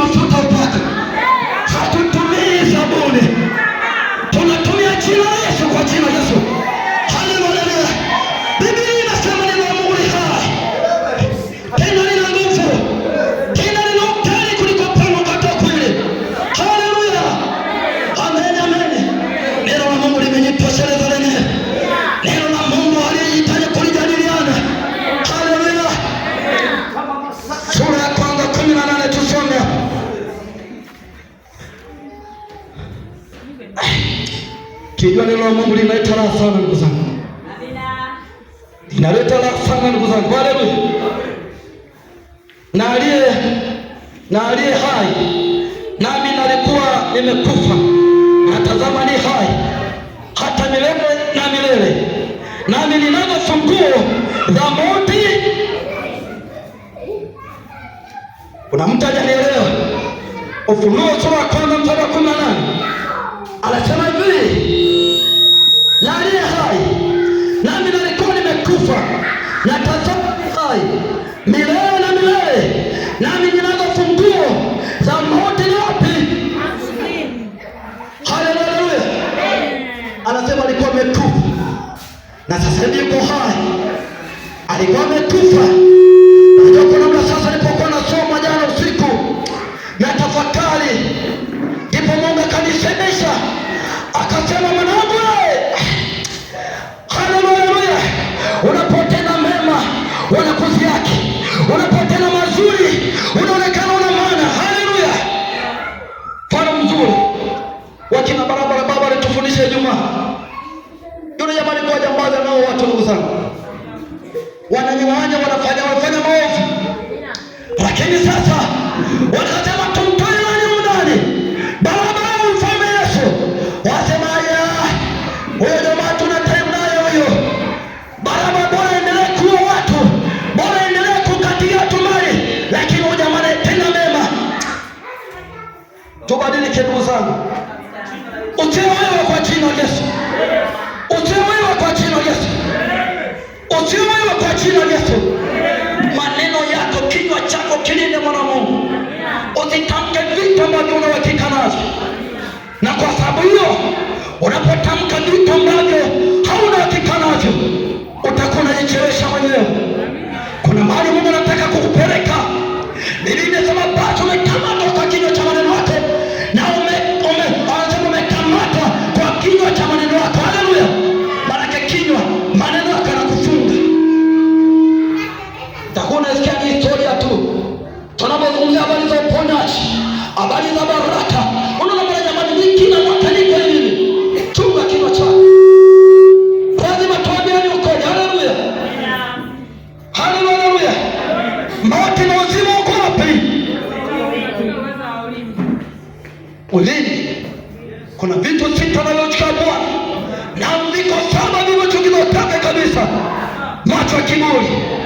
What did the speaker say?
বছর Kijua neno la Mungu linaleta raha sana ndugu zangu. Amina. Linaleta raha sana ndugu zangu. Haleluya. Na aliye na aliye hai nami nalikuwa nimekufa natazama ni hai hata milele na milele, nami ninazo funguo za mauti. Kuna mtu hajanielewa? Ufunuo sura ya kwanza mstari wa kumi na anasema hivi na sasa hivi yuko hai. Alikuwa amekufa, najua kuna alipokuwa sasa. Nilipokuwa nasoma jana usiku na tafakari, ndipo Mungu akanisemesha akasema, mwanangu, eh, mema mazuri unaonekana mzuri barabara baba alitufundisha Ijumaa moto, ndugu zangu, wananyang'anya, wanafanya wanafanya maovu, lakini sasa wanasema tumtoe nani humu ndani, barabara mfalme Yesu. Wasema ya huyo jamaa tuna time naye huyo, baraba bora endelee kuwa watu, bora endelee kukatia watu mali, lakini huyo jamaa anatenda mema. Tubadilike ndugu zangu, ukiwa wewe jina Yesu. Maneno yako kinywa chako kinene, mwana Mungu, usitamke vitu ambavyo unawakika nazo, na kwa sababu hiyo unapotamka vitu ambavyo hauna hakika navyo utakuwa unajichelewesha mwenyewe. Kuna mahali Mungu anataka kukupeleka. Biblia inasema anapozungumzia habari za uponyaji, habari za baraka, unaona pale jamani, na mwaka Chunga kinywa chako, lazima ukweli. Haleluya, haleluya! Mauti na uzima uko wapi? Kuna vitu sita Bwana na saba vivyo chukizotake kabisa, macho ya kiburi